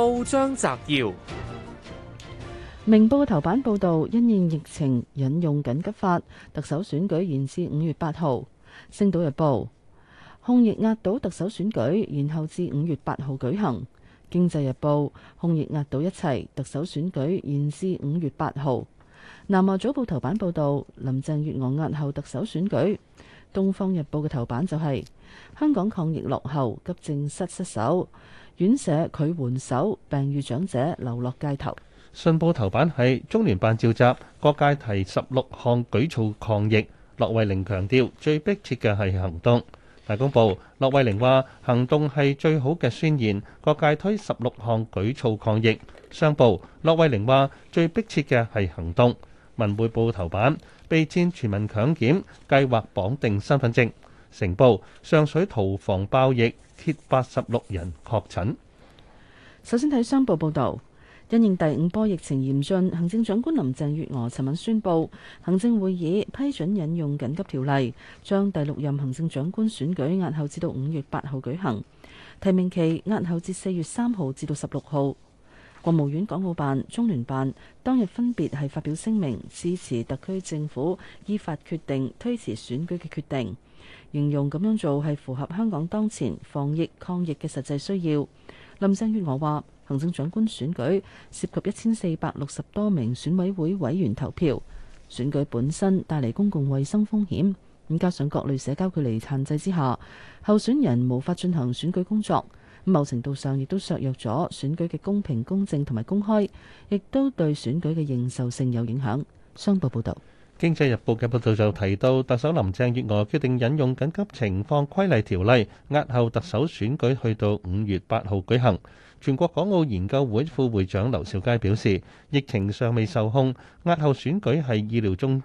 報章摘要：明報嘅頭版報道，因應疫情引用緊急法，特首選舉延至五月八號。星島日報：控疫壓倒特首選舉，延後至五月八號舉行。經濟日報：控疫壓倒一切，特首選舉延至五月八號。南華早報頭版報道，林鄭月娥押後特首選舉。東方日報嘅頭版就係、是、香港抗疫落後，急症室失守。院舍拒援手，病愈長者流落街頭。信報頭版係中聯辦召集各界提十六項舉措抗疫，駱惠寧強調最迫切嘅係行動。大公報駱惠寧話行動係最好嘅宣言，各界推十六項舉措抗疫。商報駱惠寧話最迫切嘅係行動。文匯報頭版備戰全民強檢，計劃綁定身份證。成報上水屠房爆疫，揭八十六人確診。首先睇商報報導，因應第五波疫情嚴峻，行政長官林鄭月娥尋晚宣布，行政會議批准引用緊急條例，將第六任行政長官選舉押後至到五月八號舉行，提名期押後至四月三號至到十六號。國務院港澳辦、中聯辦當日分別係發表聲明，支持特區政府依法決定推遲選舉嘅決定。形容咁樣做係符合香港當前防疫抗疫嘅實際需要。林鄭月娥話：行政長官選舉涉及一千四百六十多名選委會委員投票，選舉本身帶嚟公共衛生風險。咁加上各類社交距離限制之下，候選人無法進行選舉工作。某程度上亦都削弱咗選舉嘅公平公正同埋公開，亦都對選舉嘅認受性有影響。商報報道。經濟日報嘅報導就提到特首林鄭月娥決定引用緊急情況規例條例，押後特首選舉去到5月8號舉行。全國港澳研究會副會長劉兆佳表示，疫情尚未受控，押後選舉係意料中。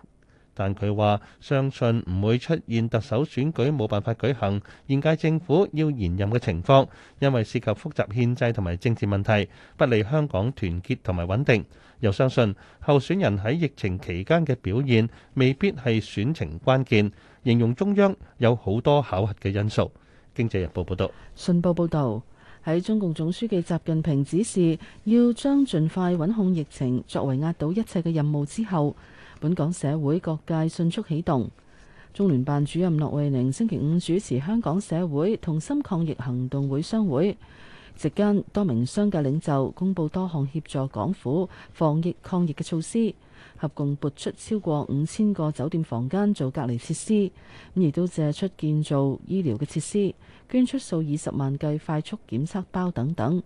但佢話：相信唔會出現特首選舉冇辦法舉行、現屆政府要延任嘅情況，因為涉及複雜憲制同埋政治問題，不利香港團結同埋穩定。又相信候選人喺疫情期間嘅表現未必係選情關鍵，形容中央有好多考核嘅因素。經濟日報報道。信報報道，喺中共總書記習近平指示要將盡快穩控疫情作為壓倒一切嘅任務之後，本港社會各界迅速啟動，中聯辦主任駱惠寧星期五主持香港社會同心抗疫行動會商會，席間多名商界領袖公布多項協助港府防疫抗疫嘅措施，合共撥出超過五千個酒店房間做隔離設施，咁亦都借出建造醫療嘅設施，捐出數以十萬計快速檢測包等等。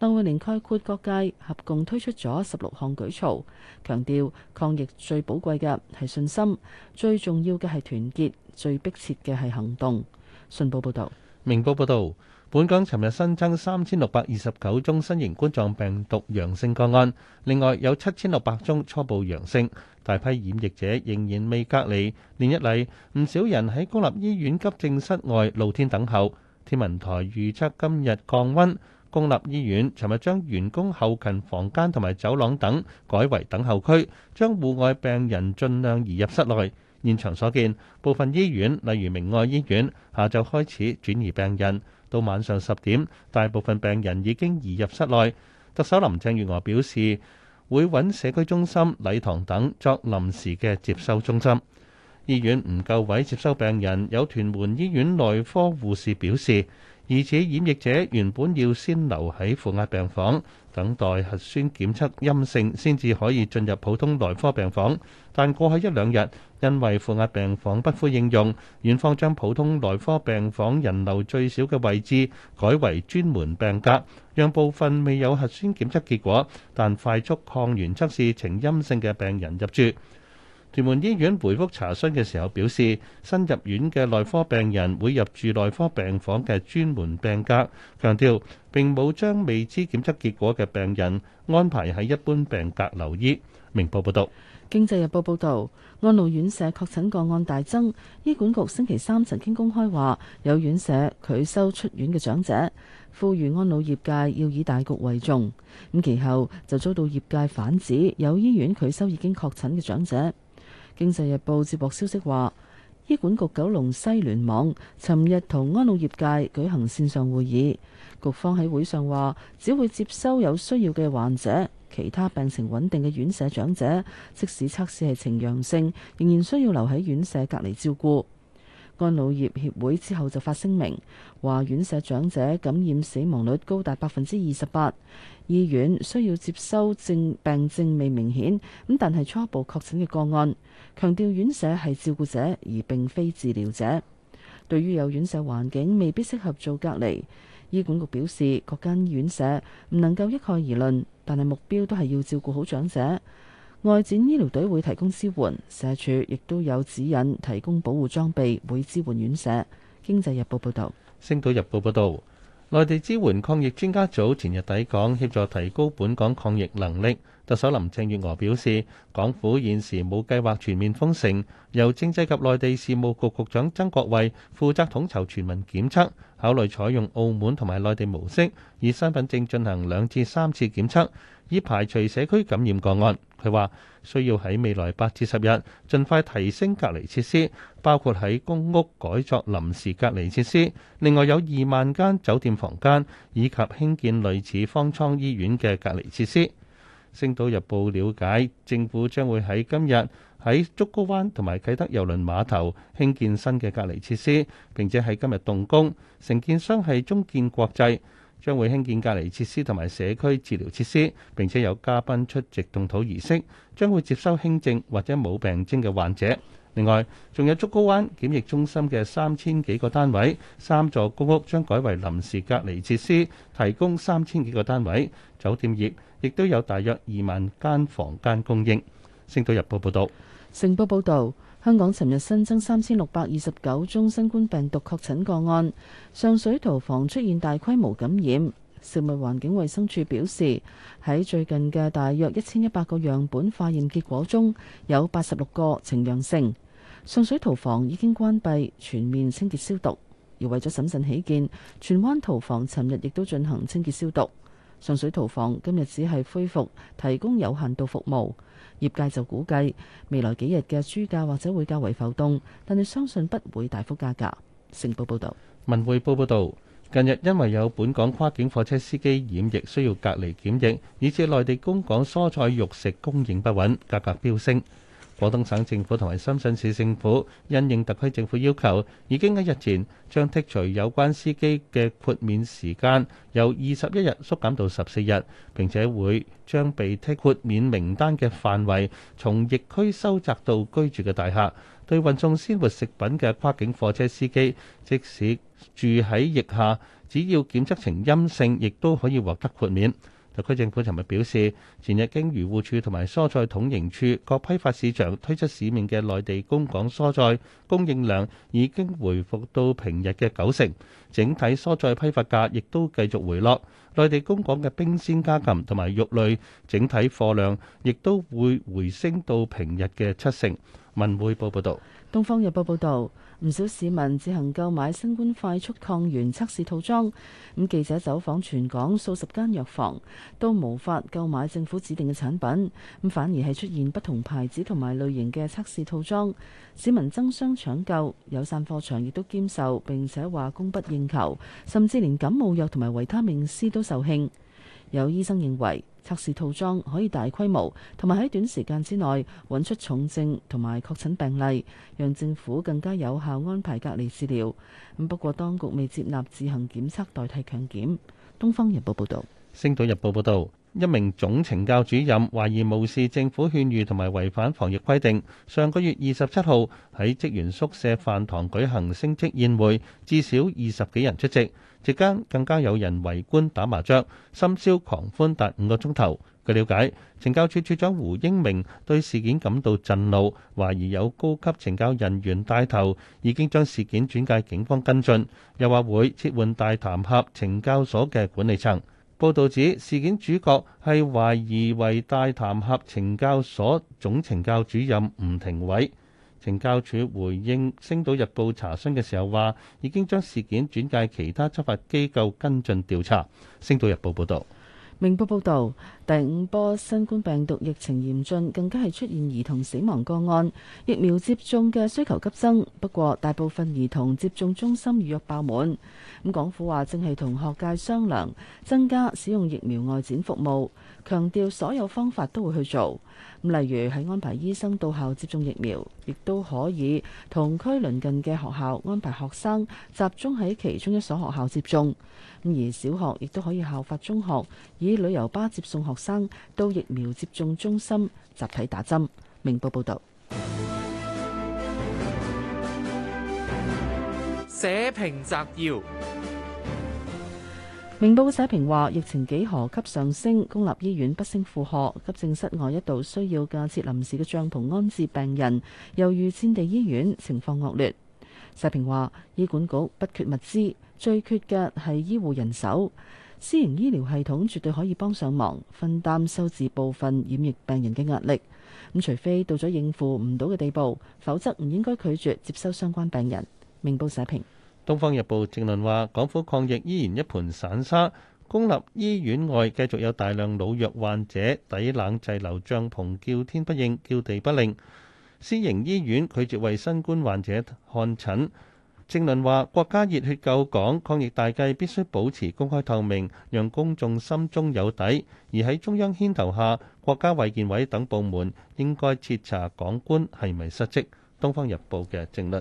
駱惠寧概括各界合共推出咗十六項舉措，強調抗疫最寶貴嘅係信心，最重要嘅係團結，最迫切嘅係行動。信報報導，明報報導，本港尋日新增三千六百二十九宗新型冠狀病毒陽性個案，另外有七千六百宗初步陽性，大批染疫者仍然未隔離。連日嚟，唔少人喺公立醫院急症室外露天等候。天文台預測今日降溫。公立醫院尋日將員工後勤房間同埋走廊等改為等候區，將戶外病人儘量移入室內。現場所見，部分醫院例如明愛醫院，下晝開始轉移病人，到晚上十點，大部分病人已經移入室內。特首林鄭月娥表示，會揾社區中心、禮堂等作臨時嘅接收中心。醫院唔夠位接收病人，有屯門醫院內科護士表示。而且染疫者，原本要先留喺負壓病房，等待核酸檢測陰性，先至可以進入普通內科病房。但過去一兩日，因為負壓病房不敷應用，院方將普通內科病房人流最少嘅位置改為專門病格，讓部分未有核酸檢測結果但快速抗原測試呈陰性嘅病人入住。屯門醫院回覆查詢嘅時候表示，新入院嘅內科病人會入住內科病房嘅專門病格，強調並冇將未知檢測結果嘅病人安排喺一般病格留醫。明報報道，《經濟日報》報道，安老院舍確診個案大增，醫管局星期三曾經公開話有院舍拒收出院嘅長者，呼籲安老業界要以大局為重。咁其後就遭到業界反指有醫院拒收已經確診嘅長者。經濟日報接獲消息話，醫管局九龍西聯網尋日同安老業界舉行綫上會議，局方喺會上話，只會接收有需要嘅患者，其他病情穩定嘅院舍長者，即使測試係呈陽性，仍然需要留喺院舍隔離照顧。安老業協會之後就發聲明，話院舍長者感染死亡率高達百分之二十八，醫院需要接收症病徵未明顯咁，但係初步確診嘅個案，強調院舍係照顧者而並非治療者。對於有院舍環境未必適合做隔離，醫管局表示各間院舍唔能夠一概而論，但係目標都係要照顧好長者。外展醫療隊會提供支援，社署亦都有指引提供保護裝備，會支援院舍。經濟日報報導，《星島日報》報導，內地支援抗疫專家組前日抵港，協助提高本港抗疫能力。特首林鄭月娥表示，港府現時冇計劃全面封城。由政制及內地事務局局長曾國衛負責統籌全民檢測，考慮採用澳門同埋內地模式，以身份證進行兩至三次檢測，以排除社區感染個案。佢話需要喺未來八至十日盡快提升隔離設施，包括喺公屋改作臨時隔離設施，另外有二萬間酒店房間以及興建類似方艙醫院嘅隔離設施。星島日報了解，政府將會喺今日喺竹篙灣同埋啟德郵輪碼頭興建新嘅隔離設施，並且喺今日動工。承建商係中建國際。將會興建隔離設施同埋社區治療設施，並且有嘉賓出席動土儀式。將會接收輕症或者冇病徵嘅患者。另外，仲有竹篙灣檢疫中心嘅三千幾個單位，三座公屋將改為臨時隔離設施，提供三千幾個單位，酒店業亦都有大約二萬間房間供應。星島日報報道，成報報道。香港尋日新增三千六百二十九宗新冠病毒確診個案，上水屠房出現大規模感染。食物環境衞生署表示，喺最近嘅大約一千一百個樣本化驗結果中，有八十六個呈陽性。上水屠房已經關閉，全面清潔消毒。而為咗審慎起見，荃灣屠房尋日亦都進行清潔消毒。上水屠房今日只係恢復提供有限度服務，業界就估計未來幾日嘅豬價或者會較為浮動，但係相信不會大幅加價。成報報導，文匯報報導，近日因為有本港跨境貨車司機染疫需要隔離檢疫，以至內地供港蔬菜肉食供應不穩，價格飆升。廣東省政府同埋深圳市政府因應特區政府要求，已經喺日前將剔除有關司機嘅豁免時間由二十一日縮減到十四日，並且會將被剔豁免名單嘅範圍從疫區收窄到居住嘅大廈。對運送鮮活食品嘅跨境貨車司機，即使住喺疫下，只要檢測呈陰性，亦都可以獲得豁免。.特區政府尋日表示，前日經漁護處同埋蔬菜統營處各批發市場推出市面嘅內地供港蔬菜供應量已經回復到平日嘅九成，整體蔬菜批發價亦都繼續回落，內地供港嘅冰鮮家禽同埋肉類整體貨量亦都會回升到平日嘅七成。文匯報報道，《東方日報》報導，唔少市民自行購買新冠快速抗原測試套裝。咁記者走訪全港數十間藥房，都無法購買政府指定嘅產品，咁反而係出現不同牌子同埋類型嘅測試套裝。市民爭相搶購，有散貨場亦都兼售，並且話供不應求，甚至連感冒藥同埋維他命 C 都售罄。有醫生認為，測試套裝可以大規模，同埋喺短時間之內揾出重症同埋確診病例，讓政府更加有效安排隔離治療。咁不過，當局未接納自行檢測代替強檢。《東方日報》報導，《星島日報》報道。一名總懲教主任懷疑無視政府勸喻同埋違反防疫規定，上個月二十七號喺職員宿舍飯堂舉行升職宴會，至少二十幾人出席，席間更加有人圍觀打麻雀，深宵狂歡達五個鐘頭。據了解，懲教處處長胡英明對事件感到震怒，懷疑有高級懲教人員帶頭，已經將事件轉介警方跟進，又話會撤換大潭峽懲教所嘅管理層。報道指事件主角係懷疑為大談合懲教所總懲教主任吳庭偉，懲教署回應《星島日報》查詢嘅時候話，已經將事件轉介其他執法機構跟進調查。《星島日報，報道》報導。明報報導，第五波新冠病毒疫情嚴峻，更加係出現兒童死亡個案，疫苗接種嘅需求急增。不過，大部分兒童接種中心預約爆滿。咁港府話正係同學界商量，增加使用疫苗外展服務。強調所有方法都會去做，例如係安排醫生到校接種疫苗，亦都可以同區鄰近嘅學校安排學生集中喺其中一所學校接種。而小學亦都可以效法中學，以旅遊巴接送學生到疫苗接種中心集體打針。明報報道。社評摘要。明報社評話：疫情幾何級上升，公立醫院不勝負荷，急症室外一度需要架設臨時嘅帳篷安置病人。又如戰地醫院情況惡劣。社評話：醫管局不缺物資，最缺嘅係醫護人手。私營醫療系統絕對可以幫上忙，分擔收治部分染疫病人嘅壓力。咁除非到咗應付唔到嘅地步，否則唔應該拒絕接收相關病人。明報社評。《東方日報》正論話：港府抗疫依然一盤散沙，公立醫院外繼續有大量老弱患者抵冷滯留，帳篷叫天不應，叫地不靈。私營醫院拒絕為新冠患者看診。正論話：國家熱血救港，抗疫大計必須保持公開透明，讓公眾心中有底。而喺中央牽頭下，國家衛健委等部門應該徹查港官係咪失職。《東方日報》嘅政律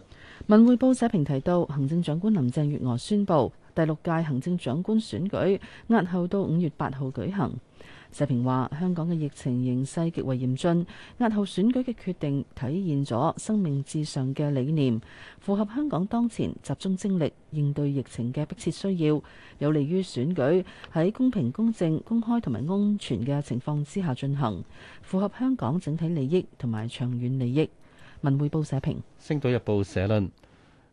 文匯報社評提到，行政長官林鄭月娥宣布第六屆行政長官選舉押後到五月八號舉行。社評話：香港嘅疫情形勢極為嚴峻，押後選舉嘅決定體現咗生命至上嘅理念，符合香港當前集中精力應對疫情嘅迫切需要，有利於選舉喺公平、公正、公開同埋安全嘅情況之下進行，符合香港整體利益同埋長遠利益。文匯報社評，《星島日報》社論：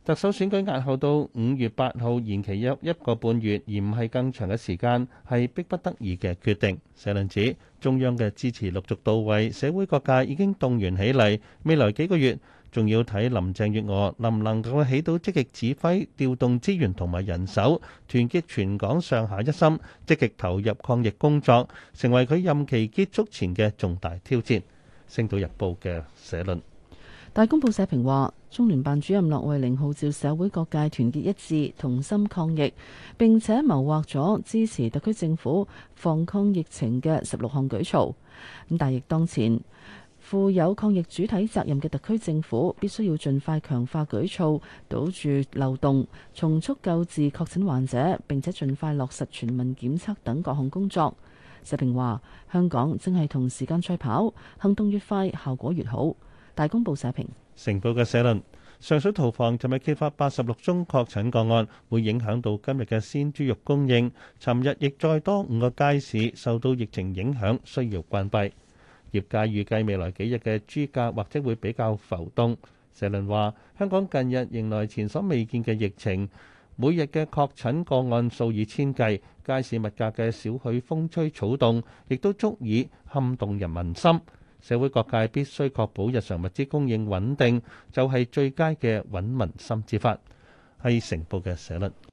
特首選舉押後到五月八號，延期約一個半月，而唔係更長嘅時間，係迫不得已嘅決定。社論指中央嘅支持陸續到位，社會各界已經動員起嚟。未來幾個月，仲要睇林鄭月娥能唔能夠起到積極指揮，調動資源同埋人手，團結全港上下一心，積極投入抗疫工作，成為佢任期結束前嘅重大挑戰。《星島日報》嘅社論。大公報社評話，中聯辦主任駱惠寧號召社會各界團結一致，同心抗疫。並且謀劃咗支持特區政府防控疫情嘅十六項舉措。咁大疫當前，負有抗疫主體責任嘅特區政府必須要盡快強化舉措，堵住漏洞，從速救治確診患者，並且盡快落實全民檢測等各項工作。社評話，香港正係同時間賽跑，行動越快，效果越好。大公報社評。成報嘅社論：上水屠房尋日揭發八十六宗確診個案，會影響到今日嘅鮮豬肉供應。尋日亦再多五個街市受到疫情影響，需要關閉。業界預計未來幾日嘅豬價或者會比較浮動。社論話：香港近日迎來前所未見嘅疫情，每日嘅確診個案數以千計，街市物價嘅少許風吹草動，亦都足以撼動人民心。社會各界必須確保日常物資供應穩定，就係、是、最佳嘅穩民心之法，係成報嘅社論。